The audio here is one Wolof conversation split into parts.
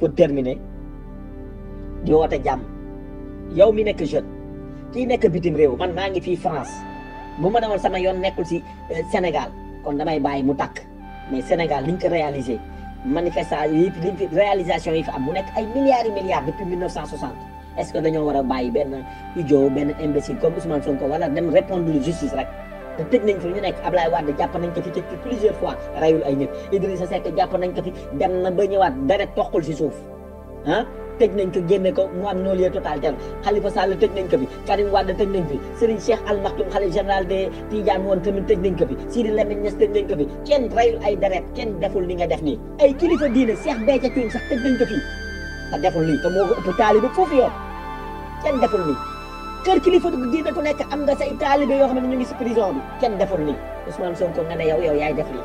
pour terminer di woote jàmm yow mi nekk jeune kii nekk bitim réew man maa ngi fii France bu ma demoon sama yoon nekkul si euh, Sénégal kon damay bàyyi mu tàkk mais Sénégal liñ ko réalisé manifestation yi liñ fi réalisation yi fi am mu nekk ay milliards et milliards est-ce que dañoo war a bàyyi benn idiot benn imbécile comme Ousmane Sonko wala dem répondre justice rek. te tëj nañ fi ñu nekk Ablaye Wade jàpp nañ ko fi tëj plusieurs fois rayul ay nit Idrissa Seck jàpp nañ ko fi dem na ba ñëwaat dara toqul si suuf ah tëj nañ ko génne ko mu am non-lieu total tel Khalifa Sall tëj nañ ko fi Karim Wade tëj nañ fi Serigne Cheikh Al Maktoum xalif général de Tidiane woon tamit tëj nañ ko fi Sidi Lamine Niass tëj nañ ko fi kenn rayul ay deret kenn deful ni nga def nii ay kilifa diine Cheikh Béthio Thioune sax tëj nañ ko fi te deful lii te moo ko ëpp taalibe foofu yoon kenn deful lii kër kilifa diine ku nekk am nga say taalibe yoo xam ne ñu ngi si prison bi kenn deful lii Ousmane Sonko nga ne yow yow yaay def lii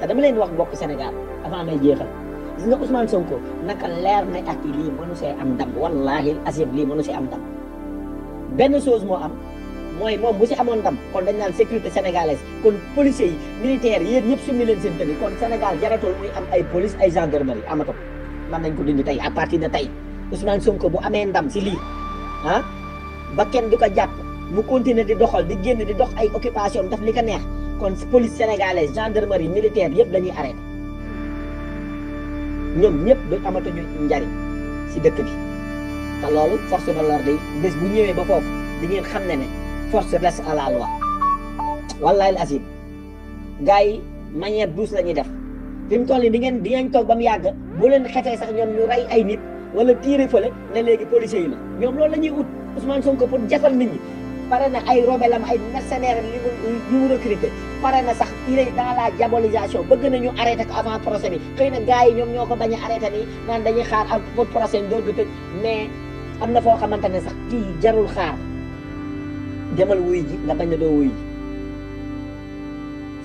te dama leen wax mbokk Sénégal avant may jeexal gis nga Ousmane Sonko naka leer na ak lii mënu see am ndam wallaahi asib lii mënu see am ndam benn chose moo am mooy moom bu si amoon ndam kon dañ naan sécurité sénégalaise kon policiers yi militaires ñëpp summi leen seen tënk kon Sénégal jaratul ay police ay gendarmerie amatul mën nañ ko dindi tey à partir de tey Ousmane Sonko bu amee ndam si lii ah ba kenn du ko jàpp mu continuer di doxal di génn di dox ay occupation daf li ko neex kon police sénégalaise gendarmerie militaire yëpp dañuy ñuy arrêté ñoom ñëpp du ñu njariñ si dëkk bi te loolu force de l'ordre yi bés bu ñëwee ba foofu di ngeen xam ne ne force reste à la loi wallahi al asim gars yi manière douce la ñuy def fi mu toll nii di ngeen di ngeen toog ba mu yàgg bu leen xefee sax ñoom ñu rey ay nit wala tiire fële ne léegi policiers yi la ñoom loolu la ñuy ut Ousmane Sonko pour jafal nit ñi pare na ay robelam ay mercenaires li mu li mu recruté pare na sax il est dans la diabolisation bëgg nañu arrêté ko avant procès bi xëy na gars yi ñoom ñoo ko bañ a arrêté nii naan dañuy xaar ak pour procès bi dootu tëj mais am na foo xamante ne sax kii jarul xaar demal wuyu ji nga bañ a doo wuyu ji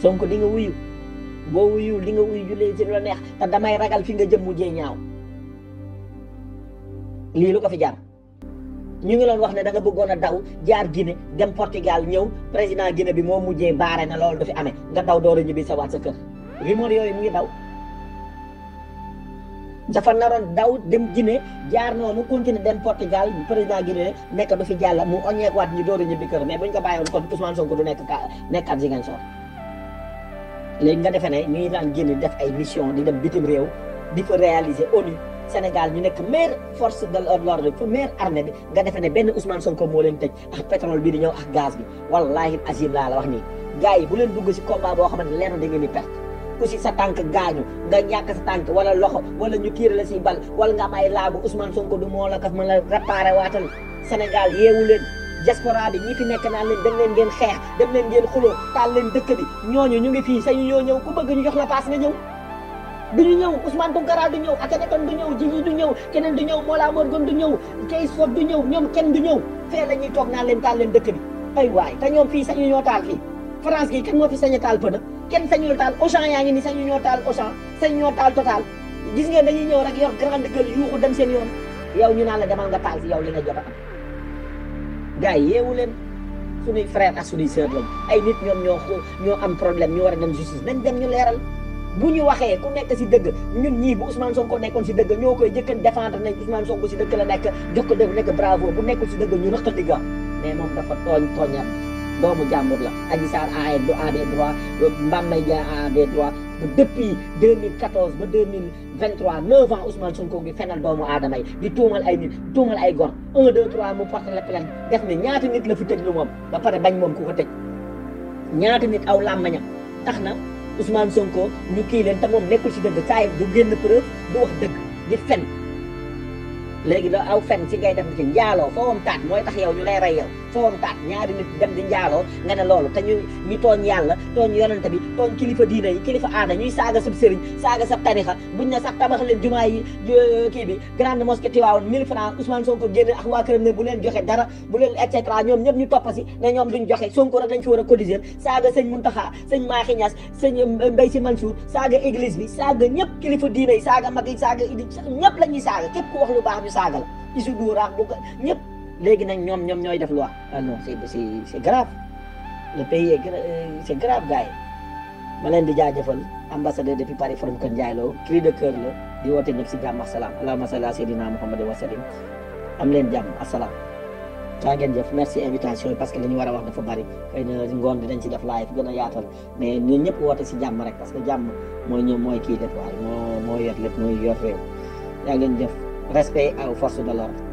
Sonko di nga wuyu boo wuyu di nga wuyu ju leen ci lu la neex te damay ragal fi nga jëm mu jee ñaaw. lii lu ko fi jaar ñu ngi doon wax ne danga nga bëggoon a daw jaar Guinée dem Portugal ñëw président Guinée bi moo mujjee baare na loolu du fi nga daw door a ñibbi sa waat sa kër rumeur yooyu mu ngi daw dafa naroon daw dem Guinée jaar noonu continuer dem Portugal président Guinée nekk du fi jàll mu oñeekuwaat ñu door a ñibbi kër mais buñ ko bàyyoon kon ko Sonko du nekk ka nekk ab Ziguinchor léegi nga defee ne ñu ngi daan Guinée def ay mission di dem bitim réew di fa réaliser ONU Sénégal ñu nekk meilleure force de l'ordre bi pour meilleure bi nga defee ne benn Ousmane ko moo leen tëj ak pétrole bii di ñëw ak gaz bi wallaahi azim laa la wax nii gars yi bu leen dugg si combat boo xamante leer na da ngeen di perte ku si sa tànk gaañu nga ñàkk sa tànk wala loxo wala ñu tiir la si bal wala nga am ay laabu son ko du moo la ko mën a réparé waatal Sénégal yeewu leen diaspora bi ñi fi nekk naa leen dem leen ngeen xeex dem leen ngeen xuloo taal leen dëkk bi ñooñu ñu ngi fii sañu ñoo ñëw ku ñu jox la paas nga duñu ñëw Ousmane Tounkara du ñëw Akhenaton du ñëw Jiji du ñëw keneen du ñëw Mollah Morgun du ñëw Kayz Fof du ñëw ñoom kenn du ñëw fee la toog naa leen taal leen dëkk bi ay waay te ñoom fii sañu ñoo taal fii France gi kenn moo fi sañ a taal pëna kenn sañu taal Auchan yaa ngi ni sañu ñoo taal Auchan sañu ñoo taal Total gis ngeen dañuy ñëw rek yor grande gueule yuuxu dem seen yoon yow ñu naan la demal nga taal fi yow li nga jot a am gars yi yeewu leen suñuy frère ak suñuy sœur lañ ay nit ñoom ñoo ñoo am problème ñu war a dem justice nañ dem ñu leeral bu ñu waxee ku nekk si dëgg ñun ñii bu Ousmane Sonko nekkoon si dëgg ñoo koy jëkkan défendre nañ Ousmane Sonko si dëgg la nekk jox ko dëgg nekk bravo si dëgg ñu naxta digga mais moom dafa tooñ tooñat doomu jàmbur la Adji Sarr a a des droits Mame Mbaye Niang a des droits depuis 2014 ba 2023 9 ans Ousmane Sonko ngi fenal doomu aadama yi di tuumal ay nit tuumal ay gor 1 2 3 mu porté la def ne ñaata nit la fi tëj lu moom ba pare bañ moom ku ko tëj ñaata nit aw làmmañam tax na sumaan Sonko ñu kii leen te moom nekkul si dëgg saa du génn preuve du wax dëgg di fen léegi da aw fen si ngay dem ci njaaloo foo am taat mooy tax yow ñu lay rey foo am taat ñaari nit dem di njaaloo nga ne loolu te ñu ñu tooñ yàlla tooñ yonante bi tooñ kilifa diina yi kilifa aada ñuy saaga sab sëriñ saaga sab leen jumaa yi kii bi ñu toppa si ne ñoom duñ joxe Sonko rek dañ fi war a kilifa diina yi saaga mag saaga idi ñëpp la ñuy saaga képp ku wax lu baax saaga la isu a bu ñëpp léegi nag ñoom ñoom ñooy def loi ah non c'est c'est c'est grave le pays est euh, c'est ma leen di jaajëfal ambassadeur depuis Paris Forum Kër Ndiaye kii cri de cœur di woote ñëpp si jàmm asalaam allahumma salli ala sayyidina muhammadin wa sallim am leen jàmm asalaam caa ngeen jëf merci invitation yi parce que li ñu war a wax dafa bari xëy na ngoon bi dañ si def live gën a yaatal mais ñun ñëpp woote si jàmm rek parce que jàmm mooy ñoom mooy kii def waaye moo moo yor lépp mooy yor réew yaa ngeen jëf Respeito ao forces, O Lord.